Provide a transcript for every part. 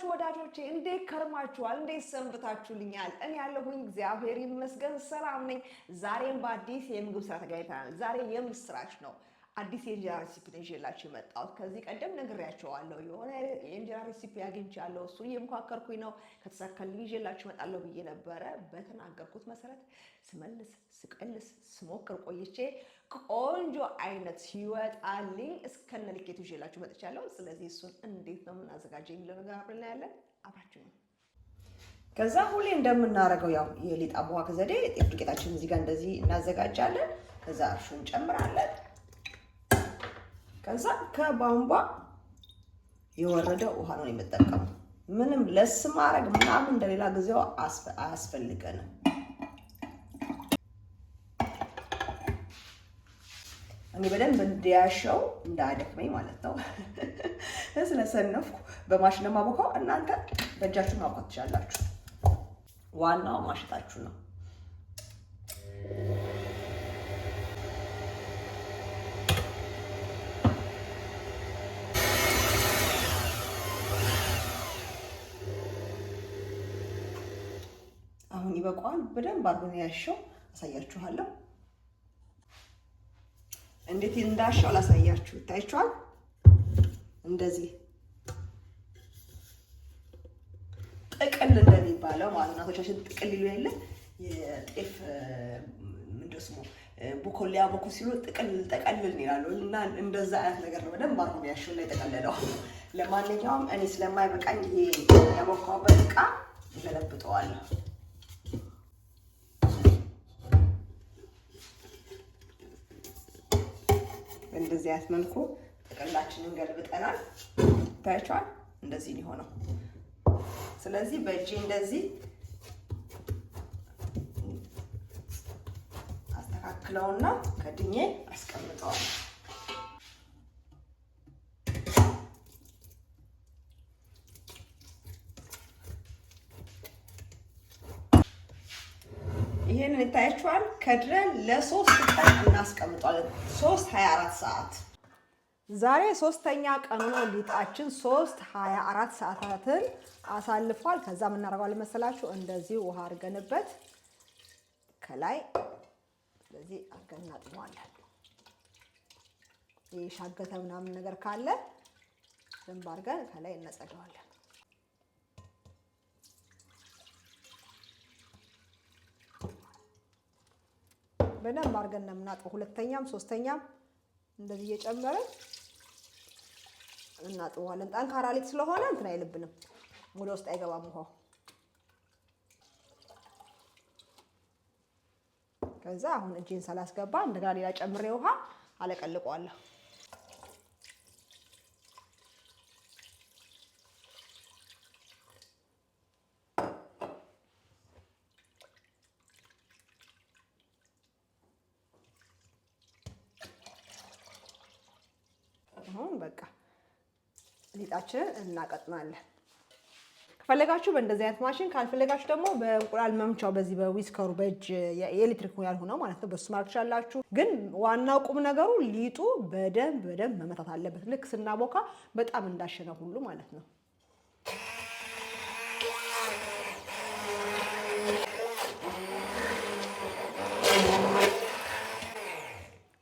ናችሁ ወዳጆቼ? እንዴት ከርማችኋል? እንዴት ሰንብታችሁልኛል? እኔ ያለሁኝ እግዚአብሔር ይመስገን ሰላም ነኝ። ዛሬም በአዲስ የምግብ ስራ ተገናኝተናል። ዛሬ የምስራች ነው። አዲስ የእንጀራ ሬሲፒ ነው ይዤላችሁ የመጣሁት። ከዚህ ቀደም ነግሬያቸዋለሁ። የሆነ የእንጀራ ሬሲፒ አግኝቻለሁ፣ እሱ እየሞካከርኩኝ ነው። ከተሳካልኝ ይዤላችሁ እመጣለሁ ብዬ ነበረ። በተናገርኩት መሰረት ስመልስ ስቀልስ ስሞክር ቆይቼ ቆንጆ አይነት ይወጣልኝ እስከነ ልኬቱ ይዤላችሁ መጥቻለሁ። ስለዚህ እሱን እንዴት ነው የምናዘጋጀው የሚለው ነገር አብረን እናያለን። አብራችሁ ነው። ከዛ ሁሌ እንደምናደርገው ያው የሊጥ አቡዋክ ዘዴ ጤፍ ዱቄታችን እዚህ ጋር እንደዚህ እናዘጋጃለን። ከዛ እርሾ እንጨምራለን። ከዛ ከቧንቧ የወረደ ውሃ ነው የምጠቀመው። ምንም ለስ ማድረግ ምናምን እንደሌላ ጊዜው አያስፈልገንም። እኔ በደንብ እንዲያሸው እንዳያደክመኝ ማለት ነው ስለሰነፍኩ በማሽን ማቦካው። እናንተ በእጃችሁ ማቦካት ትችላላችሁ። ዋናው ማሸታችሁ ነው። አሁን ይበቃዋል። በደንብ አድርጎ ነው ያሸው። አሳያችኋለሁ። እንዴት እንዳሻው ላሳያችሁ። ይታይችኋል። እንደዚህ ጥቅል እንደሚባለው ማለት ነው። እናቶቻችን ጥቅል ይሉ የለ የጤፍ ምንድን ስሙ ቦኮሊያ ቦኩ ሲሉ ጥቅል ጠቀልል ይላሉ። እና እንደዛ አይነት ነገር ነው። በደንብ አርጉ ያሽው ላይ የጠቀለለው። ለማንኛውም እኔ ስለማይበቃኝ ይሄ ያቦካሁበት እቃ እገለብጠዋለሁ። በእንደዚህ አይነት መልኩ ጥቅላችንን ገልብጠናል። ታያችኋል። እንደዚህ ሊሆነው። ስለዚህ በእጄ እንደዚህ አስተካክለውና ከድኜ አስቀምጠዋል። ይህንን ይታያችኋል። ከድረን ለሶስት ቀን እናስቀምጧለን። ሶስት ሀያ አራት ሰዓት ዛሬ ሶስተኛ ቀኑ ነው። ሊጣችን ሶስት ሀያ አራት ሰዓታትን አሳልፏል። ከዛ የምናደርገዋለን መሰላችሁ እንደዚህ ውሃ አድርገንበት ከላይ ስለዚህ አድርገን እናጥመዋለን። የሻገተ ምናምን ነገር ካለ ዝም አድርገን ከላይ እነጸደዋለን። በደንብ አድርገን ነው የምናጥበው። ሁለተኛም ሶስተኛም እንደዚህ እየጨመርን እናጥበዋለን። ጠንካራ ሊጥ ስለሆነ እንትን አይልብንም፣ ወደ ውስጥ አይገባም ውሃው። ከዛ አሁን እጄን ሳላስገባ እንደገና ሌላ ጨምሬ ውሃ አለቀልቀዋለሁ። አሁን በቃ ሊጣችንን እናቀጥናለን። ከፈለጋችሁ በእንደዚህ አይነት ማሽን፣ ካልፈለጋችሁ ደግሞ በእንቁላል መምቻው በዚህ በዊስከሩ በእጅ የኤሌክትሪክ ያልሆነው ማለት ነው በሱ ማርክ ግን ዋናው ቁም ነገሩ ሊጡ በደንብ በደንብ መመታት አለበት። ልክ ስናቦካ በጣም እንዳሸነ ሁሉ ማለት ነው።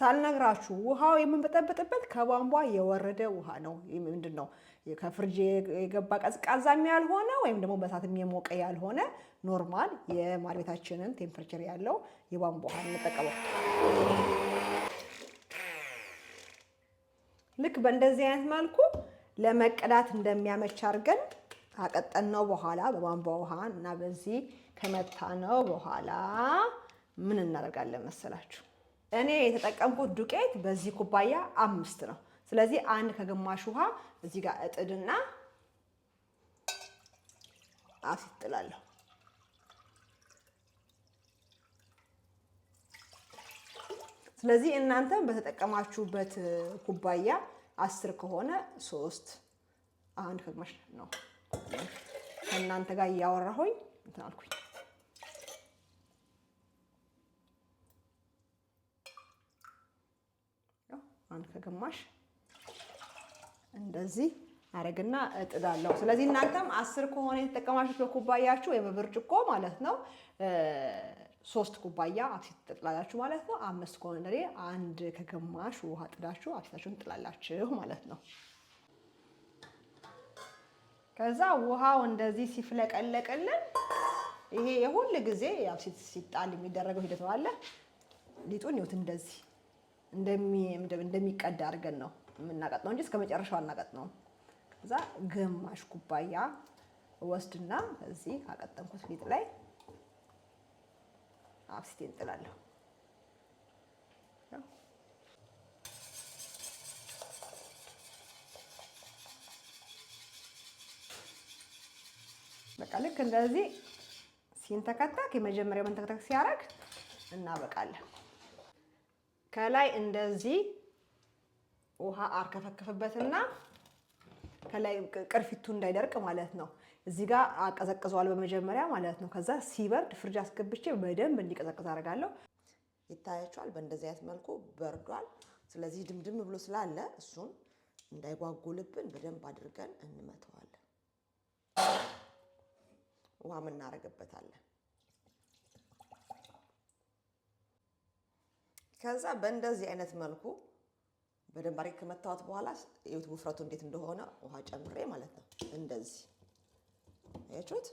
ሳልነግራችሁ ውሃው የምንበጠበጥበት ከቧንቧ የወረደ ውሃ ነው። ምንድን ነው ከፍርጅ የገባ ቀዝቃዛም ያልሆነ ወይም ደግሞ በሳት የሞቀ ያልሆነ ኖርማል የማር ቤታችንን ቴምፐሬቸር ያለው የቧንቧ ውሃ እንጠቀመው። ልክ በእንደዚህ አይነት መልኩ ለመቀዳት እንደሚያመች አድርገን ነው በኋላ በቧንቧ ውሃ እና በዚህ ከመታ ነው በኋላ ምን እናደርጋለን መሰላችሁ? እኔ የተጠቀምኩት ዱቄት በዚህ ኩባያ አምስት ነው። ስለዚህ አንድ ከግማሽ ውሃ እዚህ ጋር እጥድና አስጥላለሁ። ስለዚህ እናንተ በተጠቀማችሁበት ኩባያ አስር ከሆነ ሶስት አንድ ከግማሽ ነው። ከእናንተ ጋር እያወራሁኝ እንትን አልኩኝ። ማን ከግማሽ እንደዚህ አረግና እጥዳለሁ። ስለዚህ እናንተም አስር ከሆነ የተጠቀማችሁት በኩባያችሁ ወይ በብርጭቆ ማለት ነው ሶስት ኩባያ አብሲት ትጥላላችሁ ማለት ነው። አምስት ከሆነ ደሬ አንድ ከግማሽ ውሃ ጥዳችሁ አብሲታችሁን ትጥላላችሁ ማለት ነው። ከዛ ውሃው እንደዚህ ሲፍለቀለቅልን ይሄ የሁል ጊዜ አብሲት ሲጣል የሚደረገው ሂደት አለ። ሊጡን ይሁት እንደዚህ እንደሚቀዳ አድርገን ነው የምናቀጥነው እንጂ እስከ መጨረሻው አናቀጥነውም። ከዛ ግማሽ ኩባያ ወስድና እዚህ ካቀጠንኩት ሊጥ ላይ አብስቴ እንጥላለሁ። በቃ ልክ እንደዚህ ሲንተከተክ የመጀመሪያው መንተከተክ ሲያደርግ እናበቃለን። ከላይ እንደዚህ ውሃ አርከፈከፍበትና ከላይ ቅርፊቱ እንዳይደርቅ ማለት ነው። እዚህ ጋር አቀዘቅዘዋል በመጀመሪያ ማለት ነው። ከዛ ሲበርድ ፍርጅ አስገብቼ በደንብ እንዲቀዘቅዝ አደርጋለሁ። ይታያቸዋል። በእንደዚህ አይነት መልኩ በርዷል። ስለዚህ ድምድም ብሎ ስላለ እሱን እንዳይጓጉልብን በደንብ አድርገን እንመተዋለን። ውሃም እናደርግበታለን። ከዛ በእንደዚህ አይነት መልኩ በደንብ አድርጌ ከመታወት በኋላ የት ውፍረቱ እንዴት እንደሆነ ውሃ ጨምሬ ማለት ነው። እንደዚህ ያችሁት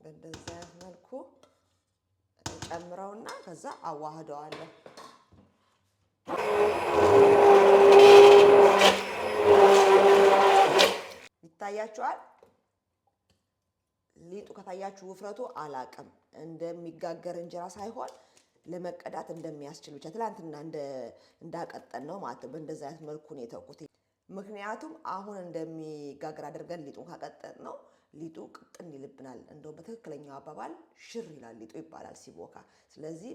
በእንደዚህ አይነት መልኩ ጨምረውና ከዛ አዋህደዋለሁ። ይታያችኋል። ሊጡ ከታያችሁ ውፍረቱ አላቅም እንደሚጋገር እንጀራ ሳይሆን ለመቀዳት እንደሚያስችል ብቻ ትላንትና እንዳቀጠን ነው ማለት ነው። በእንደዚ አይነት መልኩ ነው የተኩት። ምክንያቱም አሁን እንደሚጋገር አድርገን ሊጡን ካቀጠን ነው ሊጡ ቅጥን ይልብናል። እንደውም በትክክለኛው አባባል ሽር ይላል ሊጡ ይባላል ሲቦካ። ስለዚህ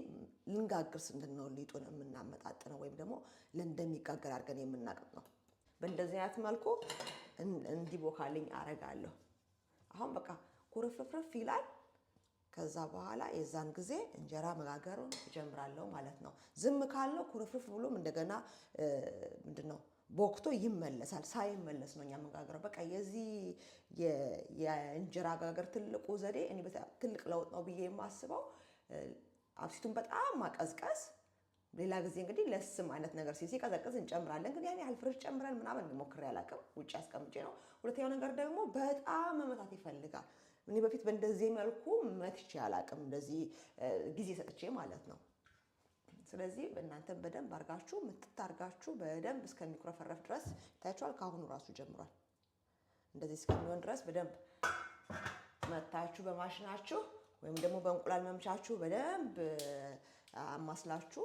ልንጋግር ስንል ነው ሊጡን የምናመጣጥነው ወይም ደግሞ እንደሚጋገር አድርገን የምናቀጥ ነው። በእንደዚህ አይነት መልኩ እንዲቦካልኝ አረጋለሁ። አሁን በቃ ኩርፍፍርፍ ይላል። ከዛ በኋላ የዛን ጊዜ እንጀራ መጋገሩን እጀምራለሁ ማለት ነው። ዝም ካለው ኩርፍፍ ብሎም እንደገና ምንድን ነው ቦክቶ ይመለሳል። ሳይመለስ ነው እኛ መጋገረው። በቃ የዚህ የእንጀራ አጋገር ትልቁ ዘዴ እኔ ትልቅ ለውጥ ነው ብዬ የማስበው አብሲቱን በጣም ማቀዝቀዝ ሌላ ጊዜ እንግዲህ ለስም አይነት ነገር ሲቀዘቅዝ እንጨምራለን። ግን ያኔ ያህል ፍሬሽ ጨምረን ምናምን ሞክሬ አላውቅም። ውጭ አስቀምጬ ነው። ሁለተኛው ነገር ደግሞ በጣም መመታት ይፈልጋል። እኔ በፊት በእንደዚህ መልኩ መትቼ አላቅም፣ እንደዚህ ጊዜ ሰጥቼ ማለት ነው። ስለዚህ እናንተን በደንብ አርጋችሁ ምትታርጋችሁ በደንብ እስከሚኩረፈረፍ ድረስ ይታያችኋል። ከአሁኑ ራሱ ጀምሯል። እንደዚህ እስከሚሆን ድረስ በደንብ መታችሁ በማሽናችሁ ወይም ደግሞ በእንቁላል መምቻችሁ በደንብ አማስላችሁ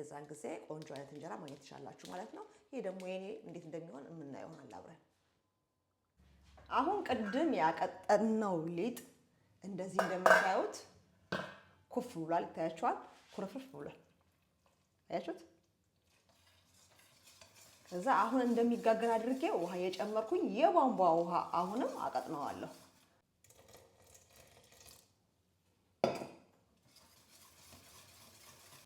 የዛን ጊዜ ቆንጆ አይነት እንጀራ ማግኘት ትችላላችሁ ማለት ነው። ይሄ ደግሞ የኔ እንዴት እንደሚሆን የምናየው ይሆናል አሁን ቅድም ያቀጠነው ሊጥ እንደዚህ እንደምታዩት ኩፍ ብሏል። ይታያችኋል። ኩርፍፍ ብሏል። አያችሁት? ከዛ አሁን እንደሚጋገር አድርጌ ውሃ የጨመርኩኝ የቧንቧ ውሃ አሁንም አቀጥነዋለሁ።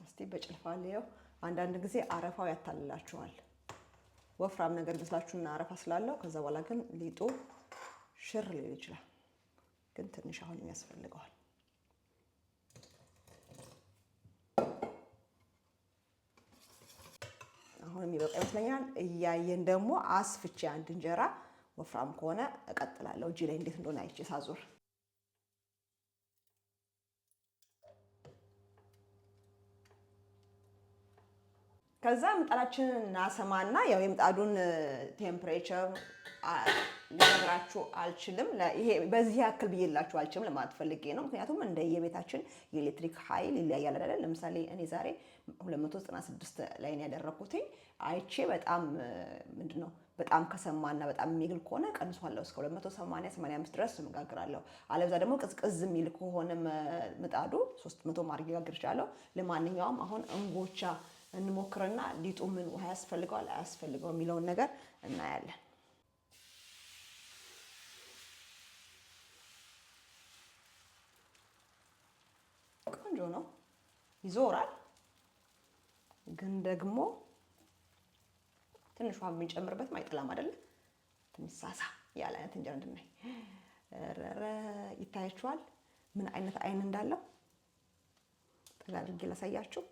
እስቲ በጭልፋ ላየው። አንዳንድ ጊዜ አረፋው ያታልላችኋል። ወፍራም ነገር ይመስላችሁና አረፋ ስላለው ከዛ በኋላ ግን ሊጡ ሽር ሊል ይችላል። ግን ትንሽ አሁንም ያስፈልገዋል። አሁን የሚበቃ ይመስለኛል። እያየን ደግሞ አስፍቼ አንድ እንጀራ ወፍራም ከሆነ እቀጥላለሁ እጅ ላይ እንዴት እንደሆነ አይቼ ሳዞር ከዛ ምጣዳችንን እናሰማና ያው የምጣዱን ቴምፕሬቸር ሊነግራችሁ አልችልም። ይሄ በዚህ ያክል ብዬላችሁ አልችልም ለማለት ፈልጌ ነው። ምክንያቱም እንደ የቤታችን የኤሌክትሪክ ኃይል ይለያያል አይደል? ለምሳሌ እኔ ዛሬ 296 ላይን ያደረኩትኝ። አይቼ በጣም ምንድን ነው በጣም ከሰማና በጣም የሚግል ከሆነ ቀንሷለሁ እስከ 280 85 ድረስ መጋግራለሁ። አለብዛ ደግሞ ቅዝቅዝ የሚል ከሆነ ምጣዱ 300 ማድረግ ይጋግር ይችላለሁ። ለማንኛውም አሁን እንጎቻ እንሞክርና ሊጡ ምን ውሃ ያስፈልገዋል አያስፈልገው የሚለውን ነገር እናያለን። ቆንጆ ነው፣ ይዞራል። ግን ደግሞ ትንሽ ውሃ ብንጨምርበት አይጥላም አይደለ? ትንሽ ሳሳ ያለ አይነት እንጀራ እንድናይ ይታያችኋል። ምን አይነት አይን እንዳለው ጠጋ አድርጌ ላሳያችሁ።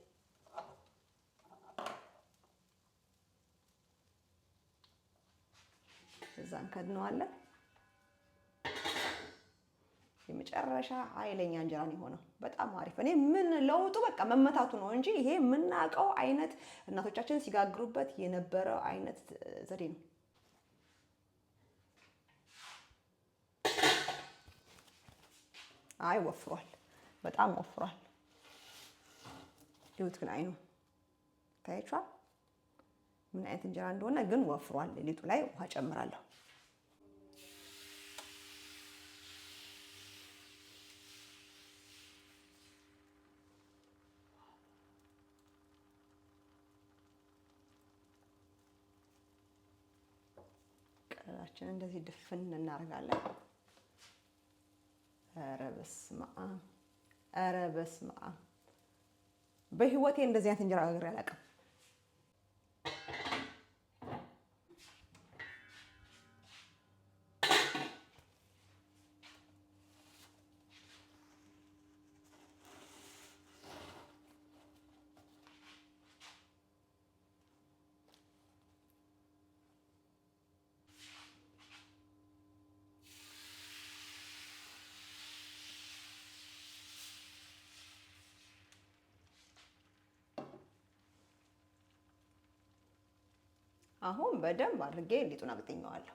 እዛን ከድነዋለን። የመጨረሻ ኃይለኛ እንጀራ ነው የሆነው። በጣም አሪፍ። እኔ ምን ለውጡ በቃ መመታቱ ነው እንጂ ይሄ የምናውቀው አይነት እናቶቻችን ሲጋግሩበት የነበረው አይነት ዘዴ ነው። አይ ወፍሯል፣ በጣም ወፍሯል። ይሁት ግን አይኑ ታያችኋል። ምን አይነት እንጀራ እንደሆነ ግን ወፍሯል። ሌሊቱ ላይ ውሃ ጨምራለሁ። ቀዳዳችን እንደዚህ ድፍን እናደርጋለን። ኧረ በስመ አብ! ኧረ በስመ አብ! በህይወቴ እንደዚህ አይነት እንጀራ ጋግሬ አላውቅም። አሁን በደንብ አድርጌ ሊጡን አግጥኘዋለሁ።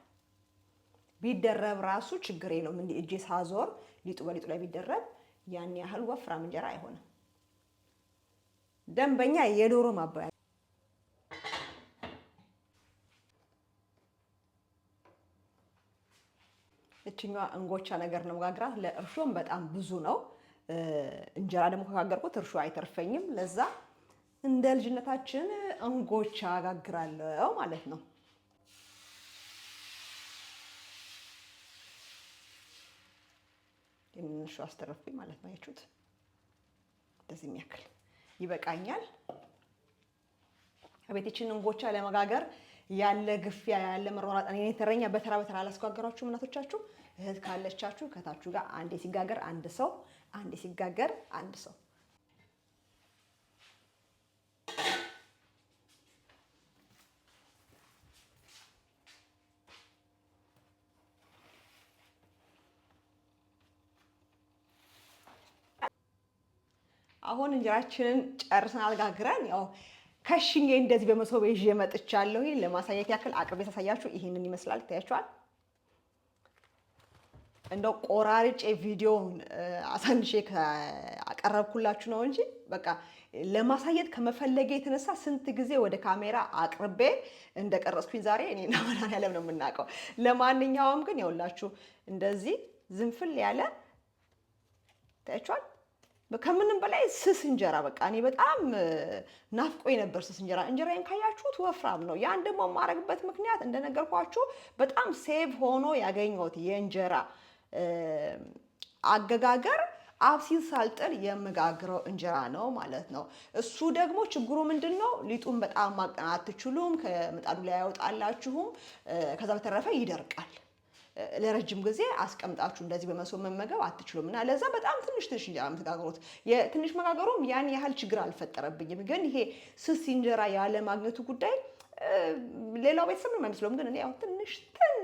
ቢደረብ ራሱ ችግር የለውም። እጄ ሳዞር ሊጡ በሊጡ ላይ ቢደረብ ያን ያህል ወፍራም እንጀራ አይሆንም። ደንበኛ የዶሮ ማባያ እችኛዋ እንጎቻ ነገር ነው መጋግራት። ለእርሾም በጣም ብዙ ነው። እንጀራ ደግሞ ከጋገርኩት እርሾ አይተርፈኝም። ለዛ እንደ ልጅነታችን እንጎቻ አጋግራለሁ ማለት ነው። የምንሹ አስተረፍኩኝ ማለት ነው። ያችሁት እንደዚህ የሚያክል ይበቃኛል። ቤቴችን እንጎቻ ለመጋገር ያለ ግፊያ ያለ መሯሯጥ እኔ ተረኛ በተራ በተራ አላስጓገራችሁ እናቶቻችሁ እህት ካለቻችሁ ከታችሁ ጋር አንዴ ሲጋገር አንድ ሰው አንዴ ሲጋገር አንድ ሰው አሁን እንጀራችንን ጨርሰን አልጋግረን ያው ከሽኜ እንደዚህ በመሶብ ይዤ መጥቻለሁ። ለማሳየት ያክል አቅርቤ ታሳያችሁ። ይሄንን ይመስላል፣ ይታያችኋል። እንደው ቆራርጬ ቪዲዮውን አሳንሼ አቀረብኩላችሁ ነው እንጂ በቃ ለማሳየት ከመፈለጌ የተነሳ ስንት ጊዜ ወደ ካሜራ አቅርቤ እንደቀረጽኩኝ ዛሬ እኔና መድኃኒዓለም ነው የምናውቀው። ለማንኛውም ግን ያውላችሁ እንደዚህ ዝንፍል ያለ ታያችኋል ከምንም በላይ ስስ እንጀራ በቃ እኔ በጣም ናፍቆ የነበር ስስ እንጀራ። እንጀራዬን ካያችሁት ወፍራም ነው። ያን ደግሞ የማረግበት ምክንያት እንደነገርኳችሁ በጣም ሴቭ ሆኖ ያገኘሁት የእንጀራ አገጋገር አብሲል ሳልጥል የምጋግረው እንጀራ ነው ማለት ነው። እሱ ደግሞ ችግሩ ምንድን ነው? ሊጡን በጣም ማቀናት አትችሉም። ከምጣዱ ላይ ያወጣላችሁም። ከዛ በተረፈ ይደርቃል። ለረጅም ጊዜ አስቀምጣችሁ እንደዚህ በመሶብ መመገብ አትችሉም እና ለዛ በጣም ትንሽ ትንሽ እንጀራ የምትጋግሩት የትንሽ መጋገሩም ያን ያህል ችግር አልፈጠረብኝም። ግን ይሄ ስስ እንጀራ ያለ ማግኘቱ ጉዳይ ሌላው ቤተሰብ ነው የሚመስለውም፣ ግን እኔ ያው ትንሽ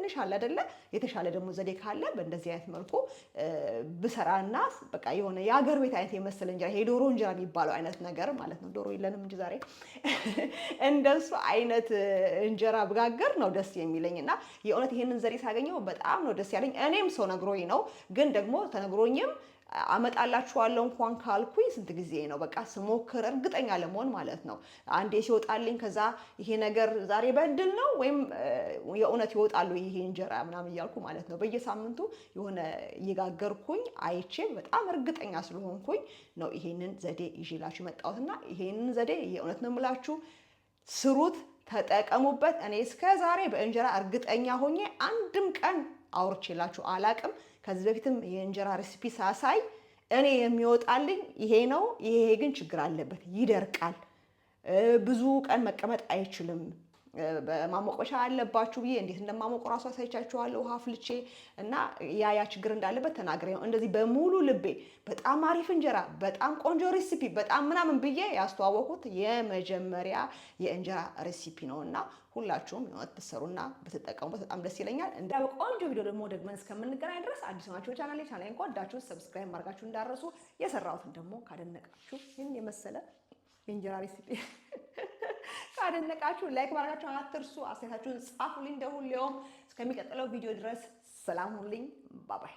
ትንሽ አለ አይደለ? የተሻለ ደግሞ ዘዴ ካለ በእንደዚህ አይነት መልኩ ብሰራና በቃ የሆነ የአገር ቤት አይነት የመሰለ እንጀራ ዶሮ እንጀራ የሚባለው አይነት ነገር ማለት ነው። ዶሮ የለንም እንጂ ዛሬ እንደሱ አይነት እንጀራ ብጋገር ነው ደስ የሚለኝ እና የእውነት ይህንን ዘዴ ሳገኘው በጣም ነው ደስ ያለኝ። እኔም ሰው ነግሮኝ ነው ግን ደግሞ ተነግሮኝም አመጣላችኋለሁ እንኳን ካልኩኝ ስንት ጊዜ ነው? በቃ ስሞክር እርግጠኛ ለመሆን ማለት ነው። አንዴ ሲወጣልኝ ከዛ ይሄ ነገር ዛሬ በእድል ነው ወይም የእውነት ይወጣሉ ይሄ እንጀራ ምናምን እያልኩ ማለት ነው። በየሳምንቱ የሆነ እየጋገርኩኝ አይቼ በጣም እርግጠኛ ስለሆንኩኝ ነው ይሄንን ዘዴ ይዤላችሁ የመጣሁት እና ይሄንን ዘዴ የእውነት ነው የምላችሁ ስሩት፣ ተጠቀሙበት። እኔ እስከ ዛሬ በእንጀራ እርግጠኛ ሆኜ አንድም ቀን አውርቼላችሁ አላቅም። ከዚህ በፊትም የእንጀራ ሬሲፒ ሳሳይ እኔ የሚወጣልኝ ይሄ ነው። ይሄ ግን ችግር አለበት፣ ይደርቃል፣ ብዙ ቀን መቀመጥ አይችልም ማሞቆሻ አለባችሁ ብዬ እንዴት እንደማሞቅ ራሱ አሳይቻችኋለሁ። ውሃ ፍልቼ እና ያ ያ ችግር እንዳለበት ተናግሬ ነው እንደዚህ በሙሉ ልቤ በጣም አሪፍ እንጀራ፣ በጣም ቆንጆ ሬሲፒ፣ በጣም ምናምን ብዬ ያስተዋወቁት የመጀመሪያ የእንጀራ ሬሲፒ ነው እና ሁላችሁም የሆነት ብትሰሩና ብትጠቀሙበት በጣም ደስ ይለኛል። እንደ ቆንጆ ቪዲዮ ደግሞ ደግመን እስከምንገናኝ ድረስ አዲስ ናቸው ቻናል ቻናል ቻናሌን ከወዳችሁ ሰብስክራይብ ማድረጋችሁ እንዳረሱ የሰራሁትን ደግሞ ካደነቃችሁ ይህን የመሰለ የእንጀራ ሬሲፒ ካደነቃችሁ ላይክ ማድረጋችሁ አትርሱ። አስተያየታችሁን ጻፉልኝ። ደውል ሊሆም እስከሚቀጥለው ቪዲዮ ድረስ ሰላም ሁልኝ። ባባይ